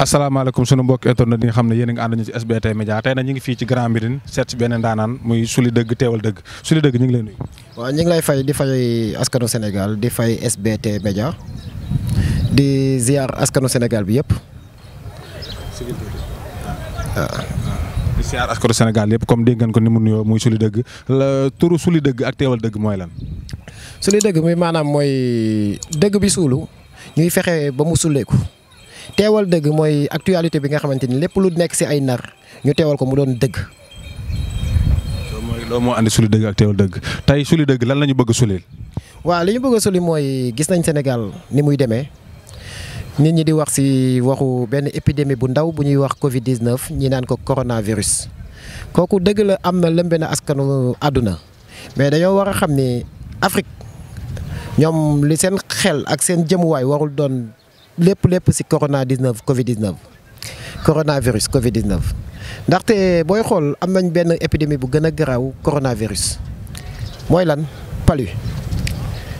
asalaamaaleykum sunu mbokki internet na nga xam ne yéen a ngi ànd ñu ci SBT Média tey na ñu ngi fii ci Grand Médine seet si beneen daanaan muy Souli Dëgg teewal dëgg Souli ngi lay nuyu. waaw ñu ngi lay fay di fay askanu senegal di fay SBT Média askanu Sénégal bi yëpp. Ah. di ziar askanu yëpp comme dégg ngeen ko ni mu nuyoo muy Souli Dëgg la turu Souli Dëgg ak teewal dëgg mooy lan. Souli Dëgg muy maanaam mooy dëgg bi suulu ñuy fexe ba mu suleeku teewal dëgg mooy actualité bi nga xamante ni lépp lu nekk si ay nar ñu teewal ko mu doon dëgg. loolu mooy moo andi suli dëgg ak teewal dëgg tey suli dëgg lan la bëgg a sulil. waaw li ñu bëgg a mooy gis nañ senegal ni muy demee. nit ñi di wax ci waxu benn épidémie bu ndaw bu ñuy wax Covid 19 ñi naan ko coronavirus kooku dëgg la am na lëmbe na askanu àdduna mais dañoo war a xam ni Afrique ñoom li seen xel ak seen jëmuwaay warul doon lépp lépp si corona 19 Covid 19. coronavirus Covid 19 ndaxte booy xool am nañ benn épidémie bu gën a garaaw coronavirus mooy lan palu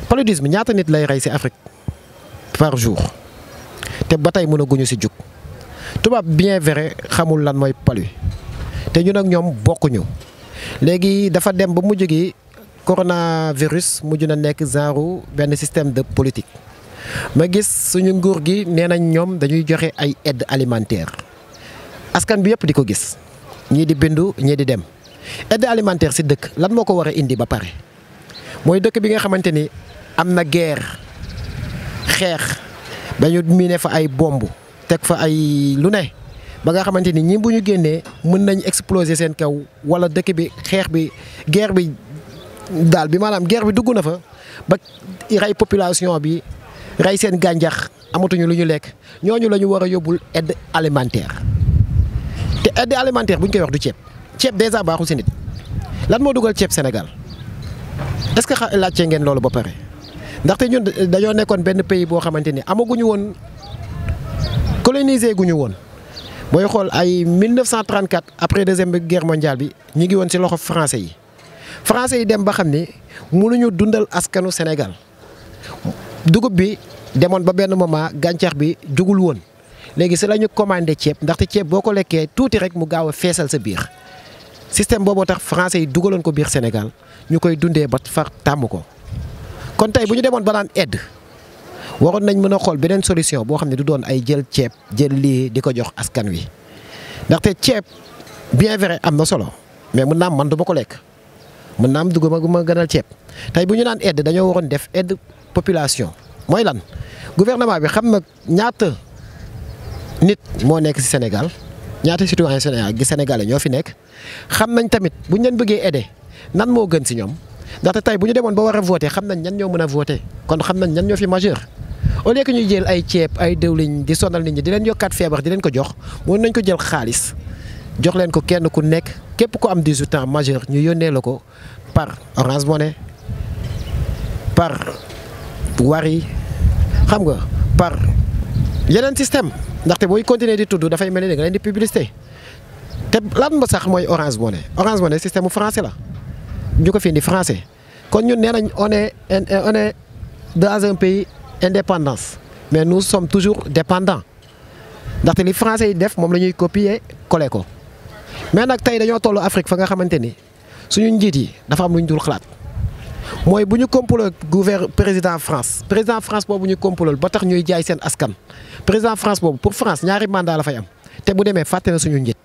paludisme ñaata nit lay rey ci Afrique par jour te ba tey mënaguñu ci jug tubaab bien vrai xamul lan mooy palu te ñun nag ñoom bokkuñu léegi dafa dem ba mujj gi coronavirus mujj na nekk genre benn système de politique. ma gis suñu nguur gi nee nañ ñoom dañuy joxe ay edd alimentaire askan bi yëpp di ko gis ñii di bindu ñii di dem aide alimentaire si dëkk lan moo ko war indi ba pare mooy dëkk bi nga xamante ni am na guerre xeex dañu miine fa ay bomb teg fa ay lu ne ba nga xamante ni ñi bu ñu génnee mën nañ exploser seen kaw wala dëkk bi xeex bi guerre bi daal bi maanaam guerre bi dugg na fa ba rey population bi rey seen gàncax amatuñu lu ñu lekk ñooñu la ñu war a yóbbul aide alimentaire te aide alimentaire bu koy wax du ceeb ceeb dèjà baaxul si nit lan moo dugal ceeb Sénégal est ce que xa laajte ngeen loolu ba pare ndaxte ñun dañoo nekkoon benn pays boo xamante ni amaguñu woon colonisé guñu woon mooy xool ay 1934 après deuxième guerre mondiale bi ñu ngi woon si loxo français yi français yi dem ba xam ni mënuñu dundal askanu Sénégal. dugub bi demoon ba benn moment gàncax bi jugul woon léegi si la ñu commandé ceeb ndaxte ceeb boo ko lekkee tuuti rek mu gaaw a feesal sa biir système booboo tax français yi dugaloon ko biir Sénégal ñu koy dundee ba far tàmm ko kon tey bu ñu demoon ba naan edd waroon nañ mën a xool beneen solution boo xam ne du doon ay jël ceeb jël lii di ko jox askan wi ndaxte ceeb bien vrai am na solo mais mën naam am man du ma ko lekk mën naa am dugub ma gënal ceeb tey bu ñu naan aide dañoo waroon def aide population mooy lan gouvernement bi xam na ñaata nit moo nekk ci Sénégal ñaata citoyen Sénégal gi sénégalais ñoo fi nekk xam nañ tamit bu ñu leen bëggee aider nan moo gën ci ñoom ndaxte tey bu ñu demoon ba war a voter xam nañ ñan ñoo mën a voter kon xam nañ ñan ñoo fi majeur au lieu que ñuy jël ay ceeb ay dëwliñ di sonal nit ñi di leen yokkaat feebar di leen ko jox moom nañ ko jël xaalis jox leen ko kenn ku nekk képp ku am 18 ans majeur ñu yónnee la ko par Orange Money par. wari xam nga par yeneen système ndaxte booy continuer di tudd dafay mel ni da nga leen di publicité te lan ba sax mooy Orange Money Orange Money système mu français la ñu ko fi indi français kon ñun nee nañ on est on est pays indépendance mais nou sommes toujours dépendant ndaxte li français yi def moom la ñuy copier coller ko mais nag tey dañoo tollu Afrique fa nga xamante ni suñu njiit yi dafa am lu ñu dul xalaat. mooy bu ñu complot gouver président France président France boobu ñu complot ba tax ñuy jaay seen askan président France boobu pour France ñaari mandat la fay am te bu demee fàtte na suñu njit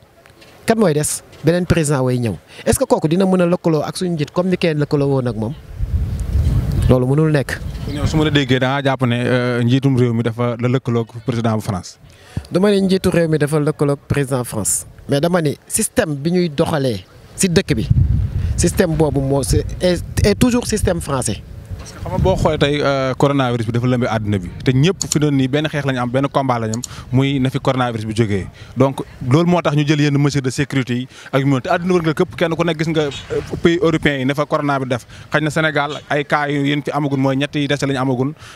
kat mooy des beneen président way ñëw est-ce que kooku dina mën a lëkkaloo ak suñu njit comme ni kenn lëkkaloo woon ak moom loolu mënul nekk. su ma la déggee da nga jàpp ne euh, njiitum réew mi dafa la lëkkaloog président bu France. dama ne réew mi dafa lëkkaloog président France mais dama ne système bi ñuy doxalee si dëkk bi. système boobu moo c'est est toujours système français parce boo xoolee tey euh, coronavirus bi dafa lëmbee àdduna bi te ñëpp fi doon benn xeex la am benn combat la muy na fi coronavirus bi jógee donc loolu moo tax ñu jël yenn mesures de sécurité yi ak yu te àdduna wërngal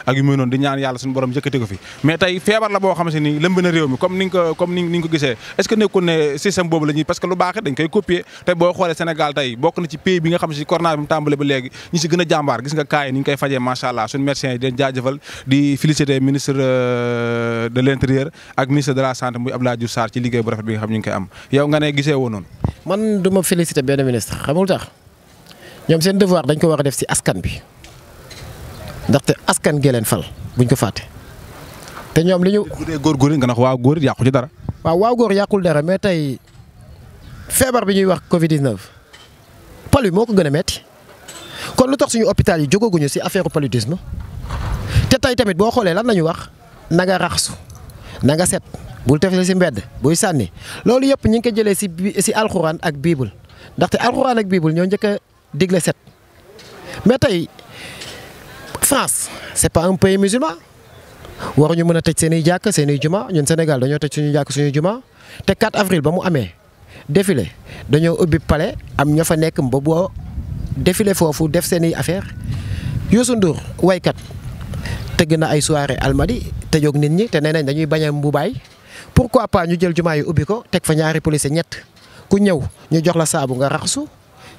euh, noonu di ñaan yàlla suñu borom yëkkati fi mais tey feebar la boo xam se ni lëmb na réew mi comme ni ko gisee est ce que nekkul ne système boobu la parce que lu baaxee dañ koy copier tey boo xoolee Sénégal tey bokk na a jàmbaar gis nga ñu ngi koy fajee macha allah suñu médecins yi di di féliciter ministre euh, de l' intérieur ak ministre de la santé muy Abdoulaye Diouf Sarr ci liggéey bu rafet bi nga xam ñu ngi koy am yow nga ne gisee woo noonu. man du féliciter benn ministre xamul tax ñoom seen devoir dañ ko wax def si askan bi ndaxte askan gee leen fal buñ ko fàtte te ñoom li ñu. bu dee góor góor nga ne waaw góor yàqu ci dara. waaw waaw góor yàqul dara mais tey feebar bi ñuy wax Covid 19 pal bi kon lu tax suñu hôpital yi jógaguñu si affaire paludisme te tey tamit boo xoolee lan lañu wax na nga raxasu na set bul tefale si mbedd buy sànni loolu yëpp ñu ngi ko jëlee si si alxuraan ak biibul ndaxte alxuraan ak biibul ñoo njëkk a digle set mais tey France c'est pas un pays musulman waruñu mën a tëj seen i jàkk seen i juma ñun Sénégal dañoo tëj suñu jàkk suñu juma te 4 avril ba mu amee défilé dañoo ubbi palais am ña fa nekk mbobo défilé foofu def seen i affaire Youssou Ndour waykat tëgg na ay soirée almadi jog nit ñi te nee nañ dañuy bañ a pour pourquoi pas ñu jël jumaa yi ubbi ko teg fa ñaari policier ñett ku ñëw ñu jox la saabu nga raxasu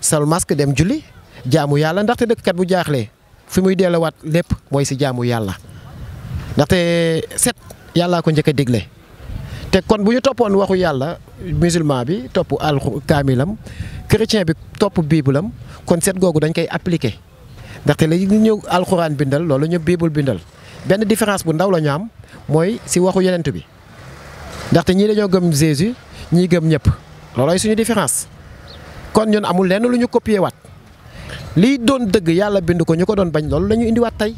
sal masque dem julli jaamu yàlla ndaxte dëkkkat bu jaaxlee fi muy delluwaat lépp mooy si jaamu yàlla ndaxte set yàllaa ko njëkk a digle te kon bu ñu toppoon waxu yàlla musulman bi topp al kaamilam chrétien bi topp bible am kon set googu dañ koy appliquer ndaxte la ñu ñëw alxuraan bindal loolu ñu biibul bindal benn différence bu ndaw la ñu am mooy si waxu yenent bi ndaxte ñii dañoo gëm Jésus ñii gëm ñëpp loolooy suñu différence kon ñun amul lenn lu ñu copier waat liy doon dëgg yàlla bind ko ñu ko doon bañ loolu la ñu indiwaat tey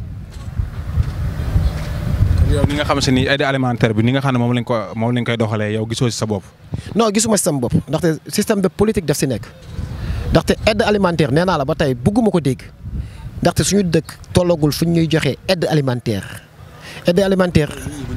yow ni nga xam si ni aide alimentaire bi ni nga xam ne moom lañ ko moom lañ koy doxalee yow gisoo si sa bopp. non gisuma si sama bopp ndaxte système de politique daf si nekk ndaxte aide alimentaire nee naa la ba tey bëgguma ko dégg ndaxte suñu dëkk tollagul fu ñuy joxee aide alimentaire aide alimentaire.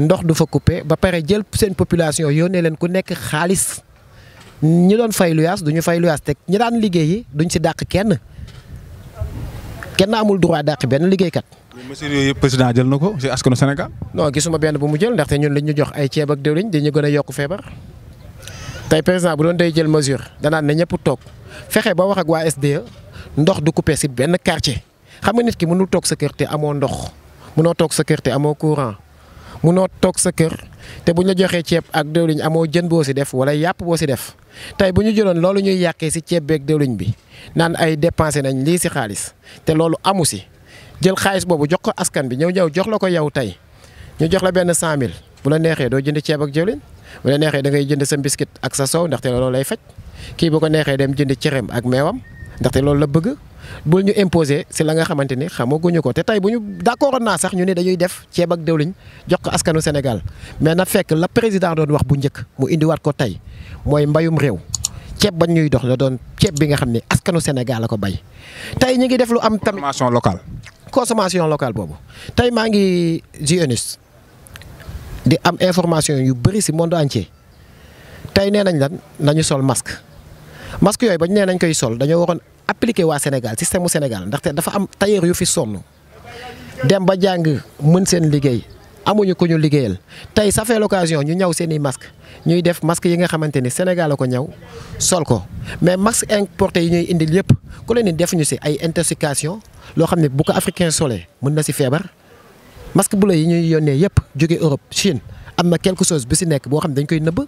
ndox du fa coupé ba pare jël seen population yónnee leen ku nekk xaalis ñi doon fay luyaas du ñu fay luyaas teg ñi daan liggéeyi duñ si dàq kenn kenn amul droit dàq benn liggéeykat. mesures yooyu président jël na ko si askanu Sénégal. non gisuma benn bu mu jël ndaxte ñun liñ ñu jox ay ceeb ak diwlin dañu gën a yokk feebar tey président bu doon day jël mesure danaan ne ñëpp toog fexe ba wax ak waa SDE ndox du coupé si benn quartier xam nga nit ki mënul toog sa kër amoo ndox mënoo toog sa kër amoo courant. munoo toog sa kër te bu ñu joxee ceeb ak dëwliñ amoo jën boo si def wala yàpp boo si def tey bu ñu jëloon loolu ñuy yàqee si ceeb beeg dëwliñ bi naan ay dépensé nañ lii si xaalis te loolu amu si jël xaalis boobu jox ko askan bi ñëw ñëw jox la ko yow tey ñu jox la benn 100000 bu la neexee doo jënd ceeb ak dëwliñ bu la neexee da jënd sa biscuit ak sa soow ndaxte loolu lay faj kii bu ko neexee dem jënd cereem ak meewam ndaxte loolu la bëgg bul ñu imposer si la nga xamante ni xamaguñu ko te tey bu ñu d'accord naa sax ñu ne dañuy def ceeb ak diwlin jox ko askanu Sénégal mais na fekk la président doon wax bu njëkk mu indiwaat ko tey mooy mbayum réew ceeb bañ ñuy dox la doon ceeb bi nga xam ni askanu Sénégal la ko bay tey ñu ngi def lu am tamit consommation locale consommation locale boobu tey maa ngi GNS di am information yu bëri si monde entier tey nee nañ lan nañu sol masque masque yooyu bañ nee nañ koy sol dañoo waroon appliquer waa Sénégal système mu Sénégal ndaxte dafa am tailleur yu fi sonn dem ba jàng mën seen liggéey amuñu ku ñu liggéeyal tey ça fait ñu ñaw seen i masque ñuy def masque yi nga xamante ni Sénégal la ko ñaw sol ko mais masque importé yi ñuy indil yëpp ku leen ni defuñu si ay intoxication loo xam ne bu ko africain solee mën na si feebar masque bu la yi ñuy yónnee yëpp jóge Europe Chine am na quelque chose bi si nekk boo xam ne dañ koy nëbb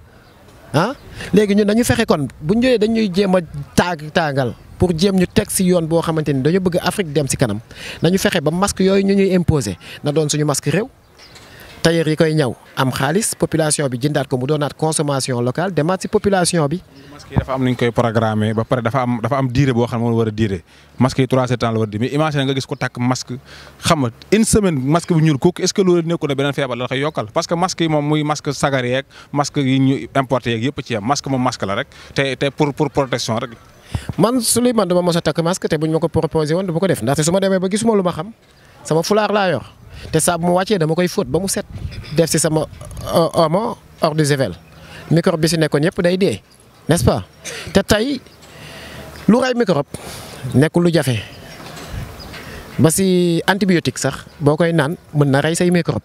ah léegi ñun dañu fexe kon bu ñëwee dañuy jéem a tàgg taagal pour jéem ñu teg si yoon boo xamante ni dañu bëgg Afrique dem si kanam nañu fexe ba masque yooyu ñu ñuy imposé na doon suñu masque réew. tailleur yi koy ñaw am xaalis population bi jëndaat ko mu doonaat consommation locale demaat si population bi. masques yi dafa am nuñ koy programmé ba pare dafa am dafa am diire boo xam moom la a diire a di mais imagine nga gis bu ñuul kooku est loolu nekkul ne beneen feebar la koy yokkal parce que masque yi moom muy masque sagar yeeg masque yi ñu importé yeeg yëpp ci yam masque moom masque la rek te te pour pour protection rek. man Souleymane dama mos a takk masque te buñ ma ko proposé woon du ma ko def ndaxte su ma demee ba gisuma laa yor. te saa bu mu wàccee dama koy fóot ba mu set def si sama euh, omo hors de javel microbe bi si nekkoon yëpp day dee n'est-ce pas te tey lu rey microbe nekkul lu jafe ba si antibiotique sax boo koy naan mën na rey say microbe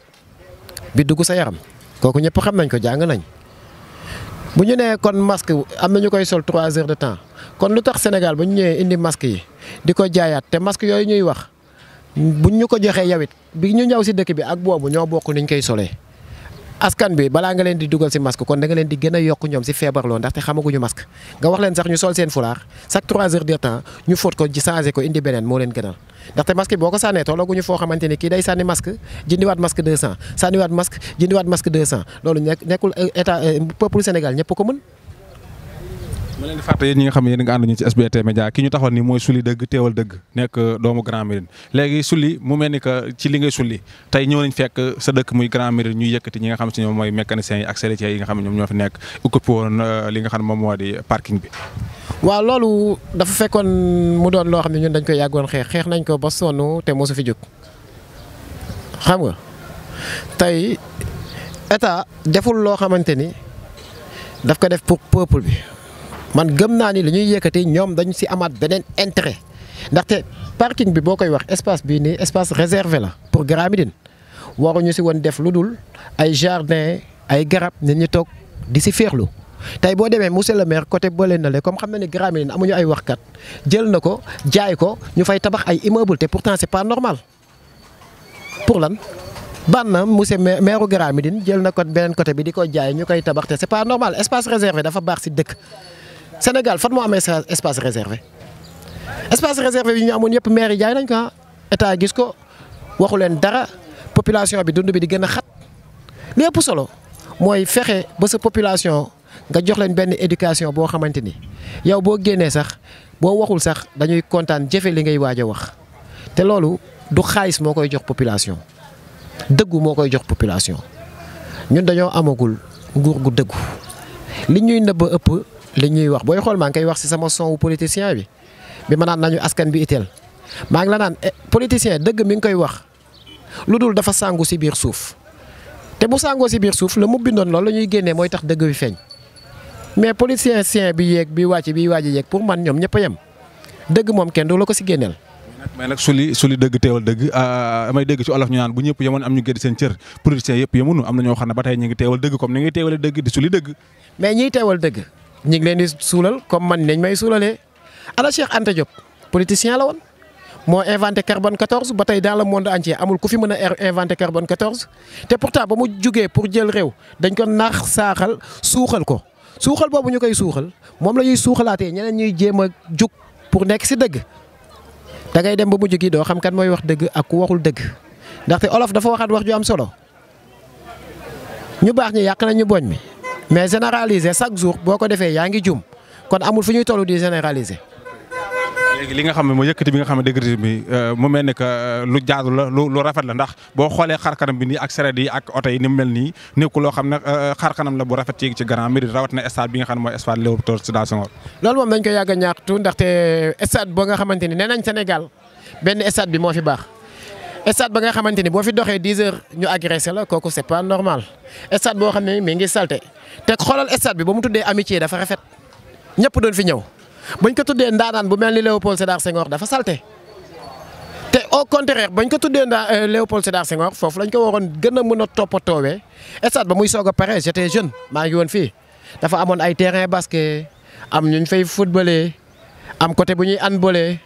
bi dugg sa yaram kooku ñëpp xam nañ ko jàng nañ bu ñu nee kon masque am na ñu koy sol trois heures de temps kon lu tax Sénégal ba ñu ñëwee indi masque yi di ko jaayaat te masque yooyu ñuy wax. buñ ñu ko joxee yow it bi ñu ñëw si dëkk bi ak boobu ñoo bokk niñ koy solee askan bi balaa nga leen di dugal si masque kon da nga leen di gën a yokk ñoom si feebarloo ndaxte xamaguñu masque nga wax leen sax ñu sol seen fulaar chaque trois heures de temps ñu fóot ko ci changé ko indi beneen moo leen gënal ndaxte masque bi boo ko sànnee tollooguñu foo xamante ni kii day sànni masque jëndiwaat masque 200 sànniwaat masque jëndiwaat masque 200 loolu nekkul eh, état eh, ñëpp ko mën. ma leen di xam ne yéen nga ànd ñu ci SBT Média ki ñu taxoon mu mel ni que ci li ngay Souli tey ñëw nañ fekk sa dëkk muy Grand ñuy yëkkati ñi nga xam si ñoom mooy mécaniciens yi ak cérétiers yi nga xam ne ñoom ñoo fi nekk occupé euh, waaw loolu dafa fekkoon mu doon loo xam ne dañ koy yàggoon xeex xeex nañ ko ba sonn te mosu fi jóg xam nga tey état deful loo xamante ni daf ko def pour peuple bi man gëm naa ni li ñuy yëkkati ñoom dañu si amaat beneen intérêt ndaxte parking bi boo koy wax espace bii nii espace réservé la pour Grand Médine waruñu si woon def lu dul ay jardin ay garab nit ñi toog di si féexlu tey boo demee monsieur le maire côté boole na le comme xam na ni Grand amuñu ay waxkat jël na ko jaay ko ñu fay tabax ay immeuble te pourtant c'est pas normal pour lan ban na monsieur maire Grand Médine jël na ko beneen côté bi di ko jaay ñu koy tabax pas normal espace réservé dafa baax si dëkk. Sénégal fan moo amee espace réservé espace réservé bi ñu amoon yëpp maire yi jaay nañ ko ah état gis ko waxu leen dara population bi dund bi di gën a xat li ëpp solo mooy fexe ba sa population nga jox leen benn éducation boo xamante ni yow boo génnee sax boo waxul sax dañuy kontaan jëfe li ngay waaj a wax te loolu du xaalis moo koy jox population dëggu moo koy jox population ñun dañoo amagul nguur gu dëggu li ñuy nëbb ëpp. li ñuy wax booy xool maa ngi koy wax si sama son wu politicien bi ma naan nañu askan bi itteel maa ngi la naan eh, politicien dëgg mi ngi koy wax lu dul dafa sàngu si biir suuf te bu sàngoo si biir suuf la mu bindoon loolu la ñuy génnee mooy tax dëgg bi feeñ mais politicien bi yeeg bi wàcc bi waaj a yeeg pour man ñoom ñëpp a yem dëgg kenn du si génneel. mais nag su li su li dëgg teewal dëgg amay ah, ah, dëgg ci olof ñu naan bu ñëpp yemoon am ñu gëdd seen cër politicien yëpp yemunu am na ñoo xam ne ba tey ñu ngi teewal dëgg comme ni ngay teewalee dëgg di su li dëgg. mais ñiy teewal dëgg ñu ngi leen di suulal comme man nañ may suulalee ala Cheikh Anta Diop politicien la woon moo inventé carbone 14 ba tey dans le monde entier amul ku fi mën a er-, inventé carbone 14 te pourtant ba mu jugee pour jël réew dañ ko naax saaxal suuxal ko suuxal boobu ñu koy suuxal moom la ñuy suuxalaatee ñeneen ñuy jéem a jug pour nekk si dëgg da ngay dem ba mujj gi doo xam kan mooy wax dëgg ak ku waxul dëgg ndaxte olof dafa waxaat wax ju am solo ñu baax ñi yàq nañ ñu boñ mi. mais généraliser chaque jour bo ko defee yaa ngi jum kon amul fu ñuy toll di généraliser. li nga xam ne mooy yëkkati bi nga xam ne décret bi euh, mu mel ne que euh, lu jaadu la lu lu rafet la ndax boo xoolee xar kanam bi ni ak sareet yi ak oto yi ni mu mel nii nekkul loo xam ne euh, xar kanam la bu rafet ci ci Grand Médine rawat na stade bi nga xam ne mooy stade Léopold Sédar Senghor. loolu moom dañ ko yàgg a ñaxtu ndaxte stade boo nga xamante ni nee nañ Sénégal benn stade bi moo fi baax. stade ba nga xamante ni boo fi doxee dix heures ñu agressé la kooku c'est pas normal stade boo xam ne mi ngi salté te xoolal stade bi ba mu tuddee amitié dafa rafet ñëpp doon fi ñëw bañ ko tuddee ndaanaan bu mel ni Léopold Sédar Senghor dafa salté te au contraire bañ ko tuddee ndaa euh, Léopold Sédar Senghor foofu lañ ko waroon gën a mën a toppatoowee stade ba muy soog a pare j'étais jeune maa ngi woon fii dafa amoon ay terrain basket am ñu fay footballé am côté bu ñuy handballé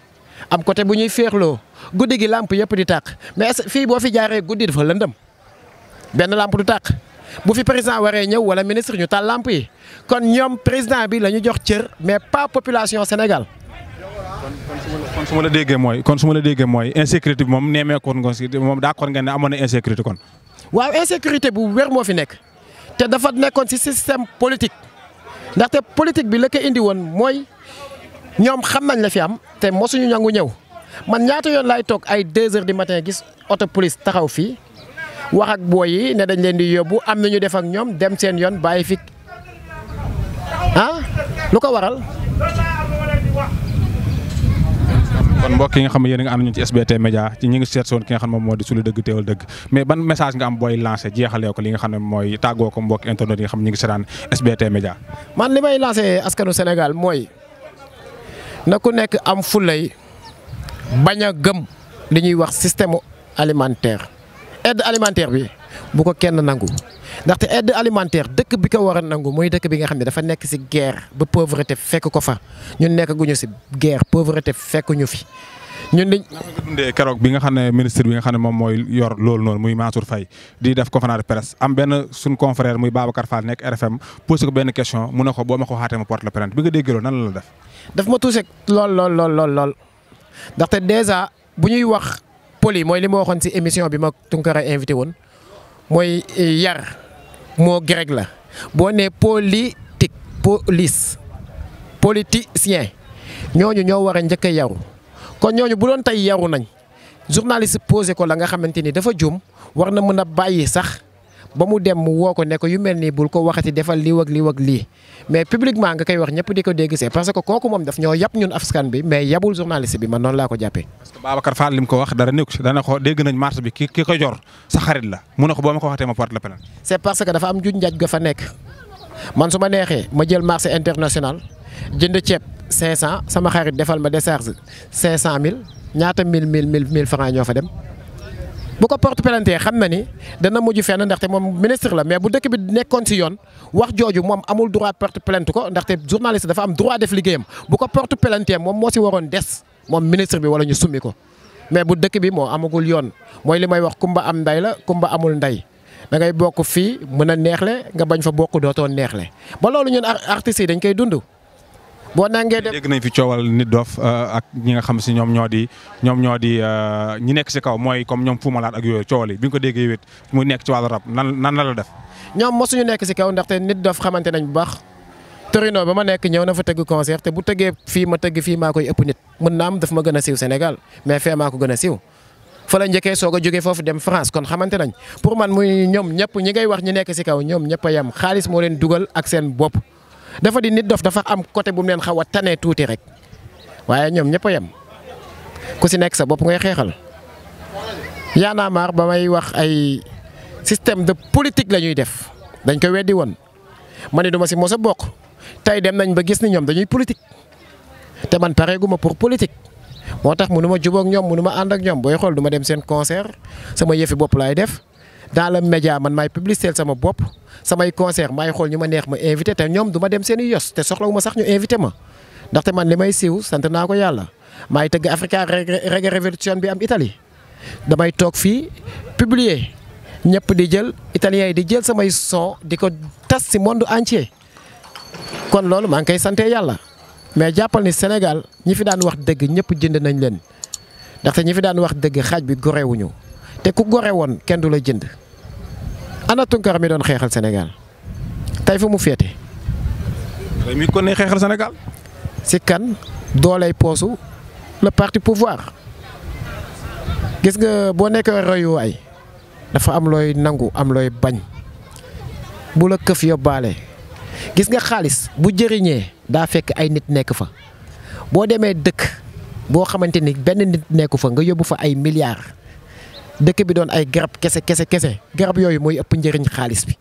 am côté bu ñuy féexloo guddi gi làmp yëpp di tàkk mais fii boo fi jaaree guddi dafa lëndëm benn lamp du tàkk bu fi président waree ñëw wala ministre ñu taal làmp yi kon ñoom président bi la ñu jox cër mais pas population Sénégal. kon su la déggee mooy kon su la déggee mooy insécurité bi moom neemeekoon nga si moom d'accord nga ne amoon na insécurité kon. waaw insécurité bu wér moo fi nekk te dafa nekkoon si système politique ndaxte politique bi la ko indi woon mooy ñoom xam nañ la fi am te mosuñu ñangu ñëw man ñaata yoon laay toog ay 2 heures du matin gis oto police taxaw fii wax ak booy yi ne dañ leen di yóbbu am na ñu def ak ñoom dem seen yoon bàyyi fi ah lu ko waral. kon mbokk yi nga xam ne yéen a ngi ànd ñu ci SBT Média ci seet soon ki nga xam ne moom moo di sulu dëgg teewal dëgg mais ban message nga am booy lancé jeexalee ko li nga xam ne mooy tàggoo ko mbokk internet yi nga xam ne ñu ngi seetaan SBT Média. man li may lancé askanu na ku nekk am fulay bañ a gëm li ñuy wax système alimentaire ed alimentaire bi bu ko kenn nangu ndaxte aide alimentaire dëkk bi ko war a nangu muy dëkk bi nga xam ne dafa nekk ci guerre ba pauvreté fekk ko fa ñu nekkaguñu guñu ci guerre pauvreté fekk fi ñun dañ bi nga xam ne ministre bi nga xam ne moom mooy yor loolu noonu muy Mansour Faye di def conférence de presse am benn suñ confrère muy Babacar Fall nekk RFM posé ko benn ne ko boo ma ko xaatee ma porte la plainte bi nga déggloo nan la la def. ma tuuse lool lool lool lool lool ndaxte dèjà bu ñuy wax poli mooy li ma waxoon si émission bi ma Tunkara invité woon mooy yar moo grec la boo nee politique police politicien ñooñu ñoo war a njëkk a yaru kon ñooñu bu doon tey yaru nañ journaliste posé ko la nga xamante ni dafa juum war na mën a bàyyi sax ba mu dem mu woo ko nekk yu mel nii bul ko waxati defal lii ak lii ak lii mais publiquement nga koy wax ñëpp di ko dégg see parce que kooku moom daf ñoo yab ñun askan bi mais yabul journaliste bi man noonu laa ko jàppee. parce que Babacar Fall li ko wax dara nekku si dana ko dégg nañ marche bi ki ko jor sa xarit la mu ne ko boo ma ko waxatee ma porte la plainte. c'est parce que man su ma neexee ma jël marché international jënd ceeb. 500 sama xarit defal ma de décharge 500000 ñaata 1000 1000 1000 1000 francs ñoo fa dem. bu ko porte plainte xam na ni dana mujj fenn ndaxte moom ministre la mais bu dëkk bi nekkoon si yoon wax jooju moom amul droit porte plainte ko ndaxte journaliste dafa am droit def liggéeyam bu ko porte plainte moom moo ci waroon des moom ministre bi walla ñu summi ko. mais bu dëkk bi moo amagul yoon mooy li may wax kumba am nday la kumba amul nday da ngay bokk fii mën a neexle nga bañ fa bokk dootoo neexle ba dañ koy dund. boo nangee dégg nañ fi coowal nit dof euh, ak ñi nga xam si ñoom ñoo di ñoom ñoo di euh, ñi nekk si kaw mooy comme ñoom Fou Malade ak yooyu coowal yi bi nga ko déggee wét mu nekk ci wàllu rab nan nan la la def. ñoom nekk si kaw ndaxte nit dof xamante nañ bu baax Torino ba ma nekk ñëw na fa tëgg concert bu tëggee fii ma tëgg fii maa koy ëpp nit mën naa am daf ma gën a siiw Sénégal mais fee maa ko gën a siiw. fa la njëkkee soog a jógee foofu dem France kon xamante nañ pour man muy ñoom ñëpp ñi ngay wax ñi nekk si kaw ñoom ñëpp a yem xaalis moo leen dugal ak seen bopp dafa di nit dof dafa am côté bu mu leen xaw a tane tuuti rek waaye ñoom ñëpp a yem ku si nekk sa bopp ngay xeexal. Y'en a marre ba may wax ay système de politique la ñuy def dañ ko weddi woon ma ne du si mos a bokk tey dem nañ ba gis ni ñoom dañuy politique te man pareeguma pour politique. moo tax mënu ma jubóog ñoom mënu ma ànd ak ñoom booy xool duma dem seen concert sama yëfi bopp laay def. dans le média man maay publicité sama bopp samay concert maay xool ñu ma neex ma invité te ñoom du dem seen i yos te soxlawu ma sax ñu invité ma ndaxte man li may siiw sant naa ko yàlla maay tëgg Africa Reggae Revolution bi am itali damay toog fii publier ñëpp di jël italiens yi di jël samay son di ko tas si monde entier kon loolu maa ngi koy sante yàlla mais jàppal ni Sénégal ñi fi daan wax dëgg ñëpp jënd nañ leen ndaxte ñi fi daan wax dëgg xaaj bi gorewuñu te ku gore woon kenn du la jënd ana Tunkar mi doon xeexal Sénégal tey fa mu féete. ko ne xeexal Sénégal. kan dooley poosu le parti pouvoir gis nga boo nekkee royuwaay dafa am looy nangu am looy bañ bu la këf yóbbaale gis nga xaalis bu jëriñee daa fekk ay nit nekk fa boo demee dëkk boo xamante ni benn nit nekku fa nga yóbbu fa ay milliards. dëkk bi doon ay garab kese kese kese garab yooyu mooy ëpp njariñ xaalis bi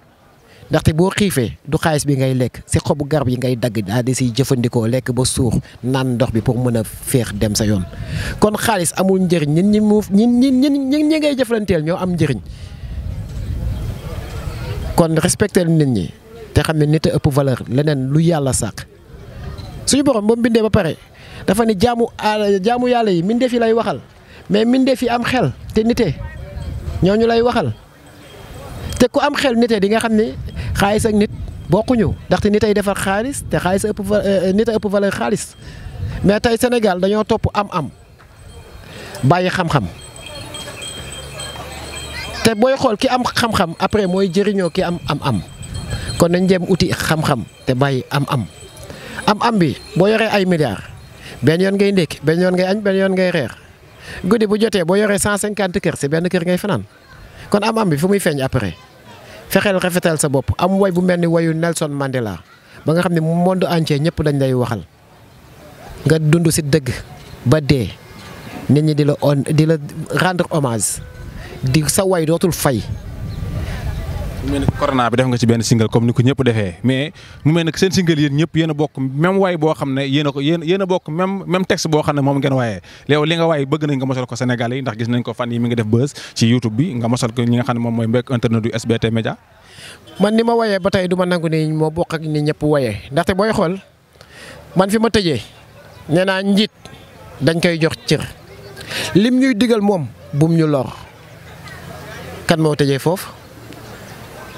ndaxte boo xiifee du xaalis bi ngay lekk si xobu garab yi ngay dagg daal di siy jëfandikoo lekk ba suur naan ndox bi pour mën a feex dem sa yoon kon xaalis amul njëriñ ñin ñi muuf ñin ñin ñin ñin ñi ngay jëflanteel ñoo am njariñ kon respecté nit ñi te xam ne nit a ëpp valeur leneen lu yàlla sàq suñu borom ba mu bindee ba pare dafa ne jaamu ah, jaamu yàlla yi mbindeef yi lay waxal mais mbindeef yi am xel te nite ñooñu lay waxal te ku am xel nite di nga xam ne xaalis ak nit ñëw ndaxte nit ay defar xaalis te xaalis ëpp euh, euh, nit a ëpp valeur xaalis mais tey Sénégal dañoo topp am-am bàyyi xam-xam te booy xool ki am xam-xam après mooy jëriñoo ki am am-am kon dañ jéem uti xam-xam te bàyyi am-am am-am bi boo yoree ay milliards benn yoon ngay ndékki benn yoon ngay añ benn yoon ngay reer. guddi bu jotee boo yoree 150 kër si benn kër ngay fanaan kon am-am bi fu muy feeñ après fexeel rafetal sa bopp am woy bu mel ni woyu Nelson Mandela ba nga xam ni ne monde entier ñëpp dañ lay waxal nga dund si dëgg ba dee nit ñi di la on di la rendre hommage di sa way dootul fay. mu mel ne corona bi def nga ci benn single comme ni ko ñëpp defee mais mu mel ne seen single yéen ñëpp yéen bokk même way boo xam ne yéen a ko yéen yéen a bokk même même texte boo xam ne moom ngeen waayee léew li nga waay bëgg nañ nga mosal ko Sénégal yi ndax gis nañ mooy mbekk internet du SBT Média man ni ma wayee ba tey du ma nangu ni moo bokk ak ni ñëpp wayee ndaxte booy xool man fi ma tëjee nee naa njiit dañ koy jox cër lim ñuy digal moom bum ñu lor kan moo tëjee foofu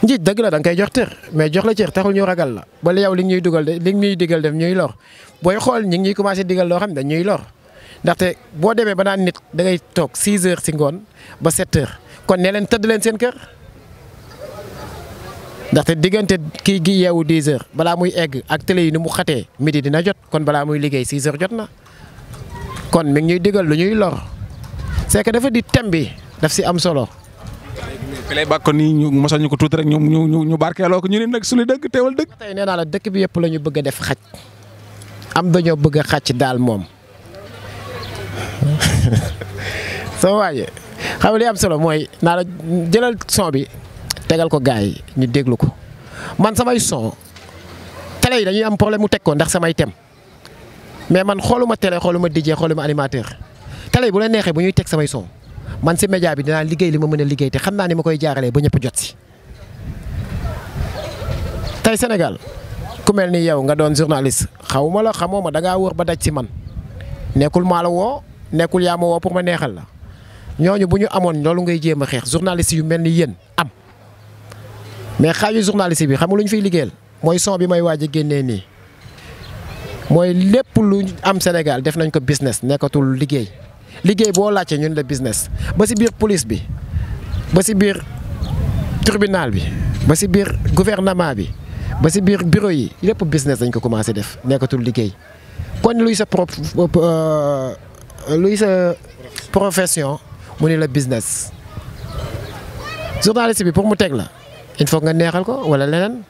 njiit dëgg la da nga koy jox cër mais jox la cër taxul ñu ragal la bala yow li ñuy dugal de li ñuy digal def ñuy lor booy xool ñi ngi ñuy commencé digal loo xam ne dañuy lor ndaxte boo demee ba naan nit dangay toog 6 heures si ngoon ba 7 heures kon nee leen tëdd leen seen kër ndaxte diggante kii gi yeewu 10 heures balaa muy egg ak télé yi ni mu xatee midi dina jot kon balaa muy liggéey 6 heures jot na kon mi ñuy digal lu ñuy lor c'est que dafa di thème bi daf si am solo. ki lay nii ñu mosal ñu ko tuuti rek ñu ñu ñu barkeeloo ko ñu ne nag su li dëgg tey nee naa la dëkk bi yëpp a def xaj am bëgg xàcc daal moom soo waajee xam li am solo mooy naa la jëlal son bi tegal ko gars yi ñu déglu ko man samay son télé yi dañuy am problème mu teg ko ndax samay tem mais man xooluma télé xooluma DJ xooluma animateur télé bu la neexee bu ñuy teg samay son. man si média bi dinaa liggéey li ma mën a liggéey te xam naa ne ma koy jaaralee ba ñëpp jot si. tey Sénégal ku mel ni yow nga doon journaliste xaw la xamoo ma da ngaa wër ba daj si man nekkul maa la woo nekkul yaa ma woo pour ma neexal la ñooñu bu ñu amoon loolu ngay jéem a xeex journaliste yu mel ni yéen am. mais xaaju journaliste bi xam nga lu ñu fiy liggéeyal mooy son bi may waaj a génnee nii mooy lépp lu am Sénégal def nañ ko business nekkatul liggéey. liggéey boo laajte ñun la business ba si biir police bi ba si biir tribunal bi ba si biir gouvernement bi ba si biir bureau yi lépp business dañ ko commencé def nekkatul liggéey kon luy sa pro euh, sa profession mu ni la business journaliste bi pour mu teg la il faut nga neexal ko wala leneen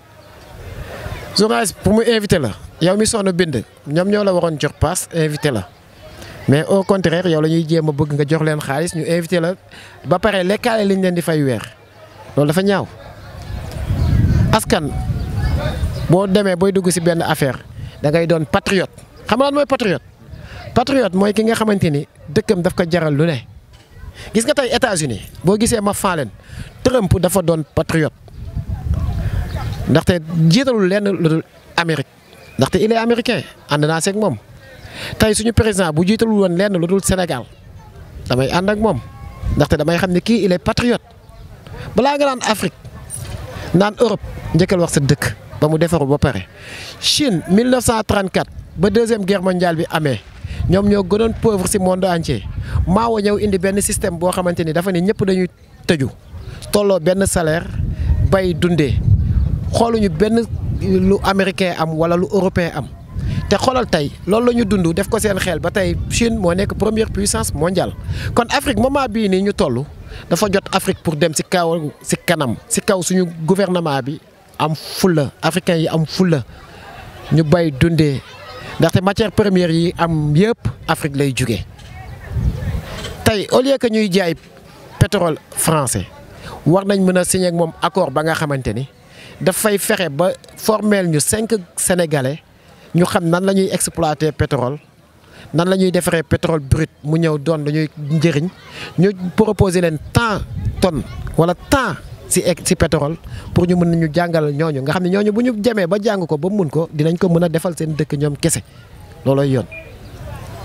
journaliste pour mu invité la yow mi sonn bind ñoom ñoo la waroon jox paas invité la mais au contraire yow la ñuy jéem a bëgg nga jox leen xaalis ñu invité la ba pare lekkaale liñ leen di fay weer loolu dafa ñaaw askan boo demee booy dugg ci benn affaire da ngay doon patriote xam nga lan mooy patriote patriote mooy ki nga xamante ni dëkkam daf ko jaral lu ne gis nga tey États-Unis boo gisee ma faaleen Trump dafa doon patriote ndaxte jiitalul leen lu Amérique ndaxte il est américain ànd naa seeg moom. tey suñu président bu jiitalul woon lenn lu dul Sénégal damay ànd ak moom ndaxte damay xam ne kii il est balaa nga naan Afrique naan Europe njëkkal wax sa dëkk ba mu defaru ba pare. Chine 1934 ba deuxième guerre mondiale bi amee ñoom ñoo gënoon pauvre ci monde entier Mao ñëw indi benn système boo xamante ni dafa ne ñëpp dañuy tëju tolloo benn salaire bay dundee xooluñu benn lu américain am wala lu européen am. te xoolal tey loolu la ñu dund def ko seen xel ba tey Chine moo nekk première puissance mondiale kon Afrique moment bii nii ñu toll dafa jot Afrique pour dem ci kaw ci kanam ci kaw suñu gouvernement bi am fulla africain yi am fulla ñu bay dundee ndaxte matière première yi am yëpp Afrique lay jóge tey au lieu que ñuy jaay pétrole français war nañ mën a signé moom accord ba nga xamante ni dafay fexe ba formel ñu cinq sénégalais. ñu xam nan la ñuy exploiter pétrole nan la ñuy defaree pétrole brut mu ñëw doon dañuy njëriñ ñu proposer leen tant ton wala tant si si pétrole pour ñu mën nañu jàngal ñooñu nga xam ne ñooñu bu ñu jemee ba jàng ko ba mun ko dinañ ko mën a defal seen dëkk ñoom kese loolooy yoon.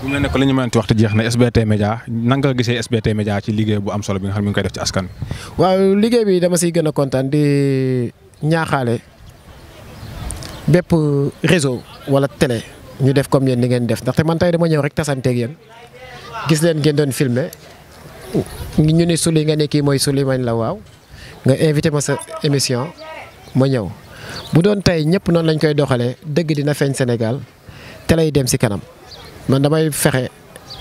bu mu ne ko li ñu mënti waxtu jeex na SBT Média nanga nga gisee SBT Média ci liggéey bu am solo bi nga xam ne mi ngi koy def ci askan wi. waaw liggéey bi dama siy gën a kontaan di ñaaxaale. bépp réseau wala télé ñu def comme yéen di ngeen def ndaxte man tay dama ñëw rek tasanteeg yéen gis leen ngeen doon filmer ñu ni suli nga ne kii mooy suli mañ la waaw nga invité ma sa émission ma ñëw bu doon tey ñëpp noonu lañ koy doxalee dëgg dina feeñ Sénégal télé yi dem si kanam man damay fexe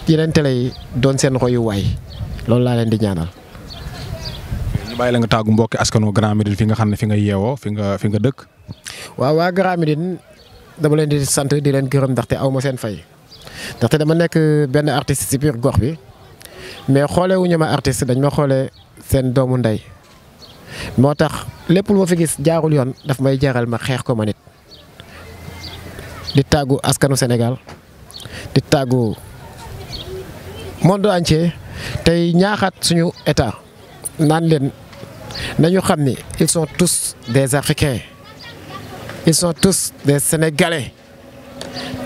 yeneen télé yi doon seen royuwaay loolu laa leen di ñaanal. ñu bàyyi la nga tàggu mbokki askano Grand Médine fi nga xam ne fi nga yeewoo fi nga dëkk. waaw waa Grand Médine dama leen di sant di leen gërëm ndaxte aw ma seen fay ndaxte dama nekk benn artist ci biir gox bi mais xoolee wu ñu ma artiste dañ ma xoolee seen doomu ndey moo tax lépp lu ma fi gis jaarul yoon daf may jaral ma xeex ko ma nit di tàggu askanu senegal di tàggu monde entier tey ñaaxaat suñu état naan leen nañu xam ni ils sont tous des africains. ils sont tous des sénégalais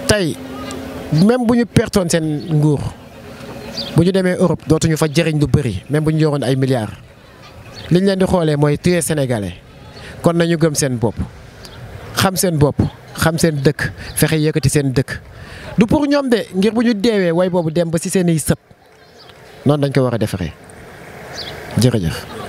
tey même bu ñu pertoon seen nguur bu ñu demee Europe dootuñu fa jëriñ lu bëri même bu ñu yoroon ay milliards liñ leen di xoolee mooy téye sénégalais kon nañu gëm seen bopp xam seen bopp xam seen dëkk fexe yëkkati seen dëkk du pour ñoom de ngir bu ñu deewee way boobu dem ba ci seen i sët noonu dañ ko war a defaree jërëjëf.